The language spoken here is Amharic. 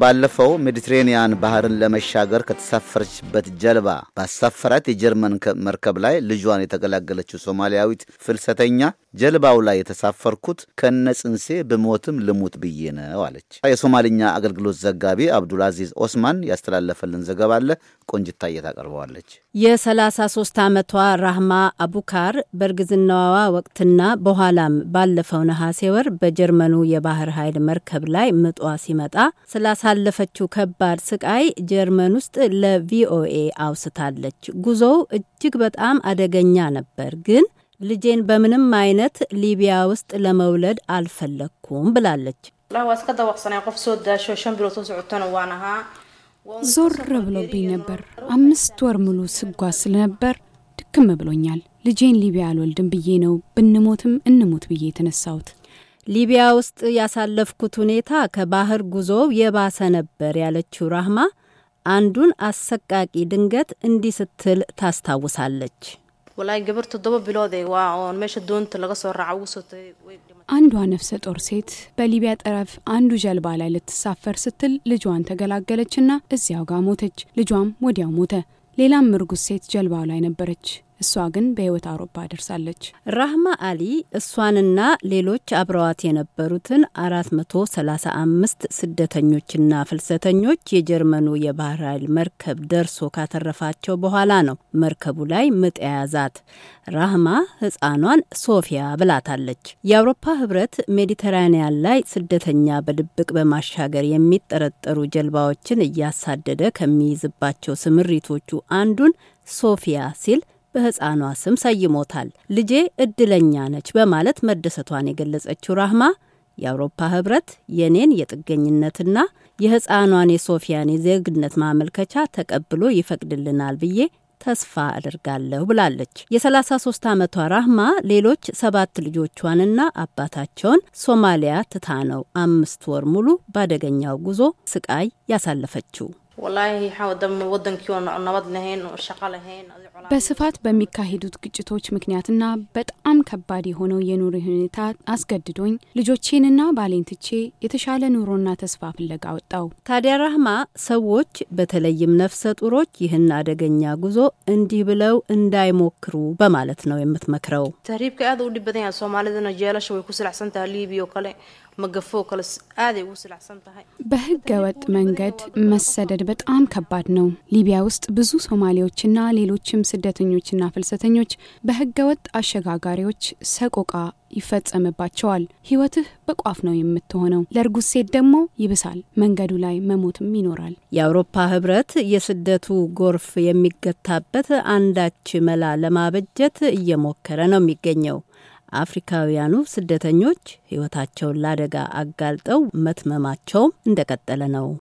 ባለፈው ሜዲትሬንያን ባህርን ለመሻገር ከተሳፈረችበት ጀልባ ባሳፈራት የጀርመን መርከብ ላይ ልጇን የተገላገለችው ሶማሊያዊት ፍልሰተኛ ጀልባው ላይ የተሳፈርኩት ከነ ጽንሴ ብሞትም ልሙት ብዬ ነው አለች። የሶማልኛ አገልግሎት ዘጋቢ አብዱልአዚዝ ኦስማን ያስተላለፈልን ዘገባ አለ። ቆንጅታየ ታቀርበዋለች። የ33 ዓመቷ ራህማ አቡካር በእርግዝናዋ ወቅትና በኋላም ባለፈው ነሐሴ ወር በጀርመኑ የባህር ኃይል መርከብ ላይ ምጧ ሲመጣ ካለፈችው ከባድ ስቃይ ጀርመን ውስጥ ለቪኦኤ አውስታለች። ጉዞው እጅግ በጣም አደገኛ ነበር፣ ግን ልጄን በምንም አይነት ሊቢያ ውስጥ ለመውለድ አልፈለግኩም ብላለች። ዞር ብሎብኝ ነበር። አምስት ወር ሙሉ ስጓዝ ስለነበር ድክም ብሎኛል። ልጄን ሊቢያ አልወልድም ብዬ ነው ብንሞትም እንሞት ብዬ የተነሳሁት። ሊቢያ ውስጥ ያሳለፍኩት ሁኔታ ከባህር ጉዞው የባሰ ነበር ያለችው ራህማ አንዱን አሰቃቂ ድንገት እንዲህ ስትል ታስታውሳለች። አንዷ ነፍሰ ጦር ሴት በሊቢያ ጠረፍ አንዱ ጀልባ ላይ ልትሳፈር ስትል ልጇን ተገላገለችና እዚያው ጋር ሞተች። ልጇም ወዲያው ሞተ። ሌላም እርጉዝ ሴት ጀልባው ላይ ነበረች። እሷ ግን በህይወት አውሮፓ ደርሳለች። ራህማ አሊ እሷንና ሌሎች አብረዋት የነበሩትን 435 ስደተኞችና ፍልሰተኞች የጀርመኑ የባህር ኃይል መርከብ ደርሶ ካተረፋቸው በኋላ ነው መርከቡ ላይ ምጥ ያዛት ራህማ ህፃኗን ሶፊያ ብላታለች። የአውሮፓ ህብረት ሜዲተራኒያን ላይ ስደተኛ በድብቅ በማሻገር የሚጠረጠሩ ጀልባዎችን እያሳደደ ከሚይዝባቸው ስምሪቶቹ አንዱን ሶፊያ ሲል በህፃኗ ስም ሰይሞታል። ልጄ እድለኛ ነች በማለት መደሰቷን የገለጸችው ራህማ የአውሮፓ ህብረት የኔን የጥገኝነትና የህፃኗን የሶፊያን የዜግነት ማመልከቻ ተቀብሎ ይፈቅድልናል ብዬ ተስፋ አድርጋለሁ ብላለች። የ33 ዓመቷ ራህማ ሌሎች ሰባት ልጆቿንና አባታቸውን ሶማሊያ ትታ ነው አምስት ወር ሙሉ በአደገኛው ጉዞ ስቃይ ያሳለፈችው። በስፋት በሚካሄዱት ግጭቶች ምክንያትና በጣም ከባድ የሆነው የኑሮ ሁኔታ አስገድዶኝ ልጆቼንና ባሌን ትቼ የተሻለ ኑሮና ተስፋ ፍለጋ ወጣው። ታዲያ ራህማ ሰዎች በተለይም ነፍሰ ጡሮች ይህን አደገኛ ጉዞ እንዲህ ብለው እንዳይሞክሩ በማለት ነው የምትመክረው። ተሪብ ከያዘ ው ዲበተኛ ሶማሊድና ጀለሽ ወይ ኩስላዕሰንታ ሊቢዮ ከለ መገፎ በህገ ወጥ መንገድ መሰደድ በጣም ከባድ ነው። ሊቢያ ውስጥ ብዙ ሶማሌዎችና ሌሎችም ስደተኞችና ፍልሰተኞች በህገ ወጥ አሸጋጋሪዎች ሰቆቃ ይፈጸምባቸዋል። ህይወትህ በቋፍ ነው የምትሆነው። ለእርጉዝ ሴት ደግሞ ይብሳል። መንገዱ ላይ መሞትም ይኖራል። የአውሮፓ ህብረት የስደቱ ጎርፍ የሚገታበት አንዳች መላ ለማበጀት እየሞከረ ነው የሚገኘው። አፍሪካውያኑ ስደተኞች ሕይወታቸውን ለአደጋ አጋልጠው መትመማቸውም እንደቀጠለ ነው።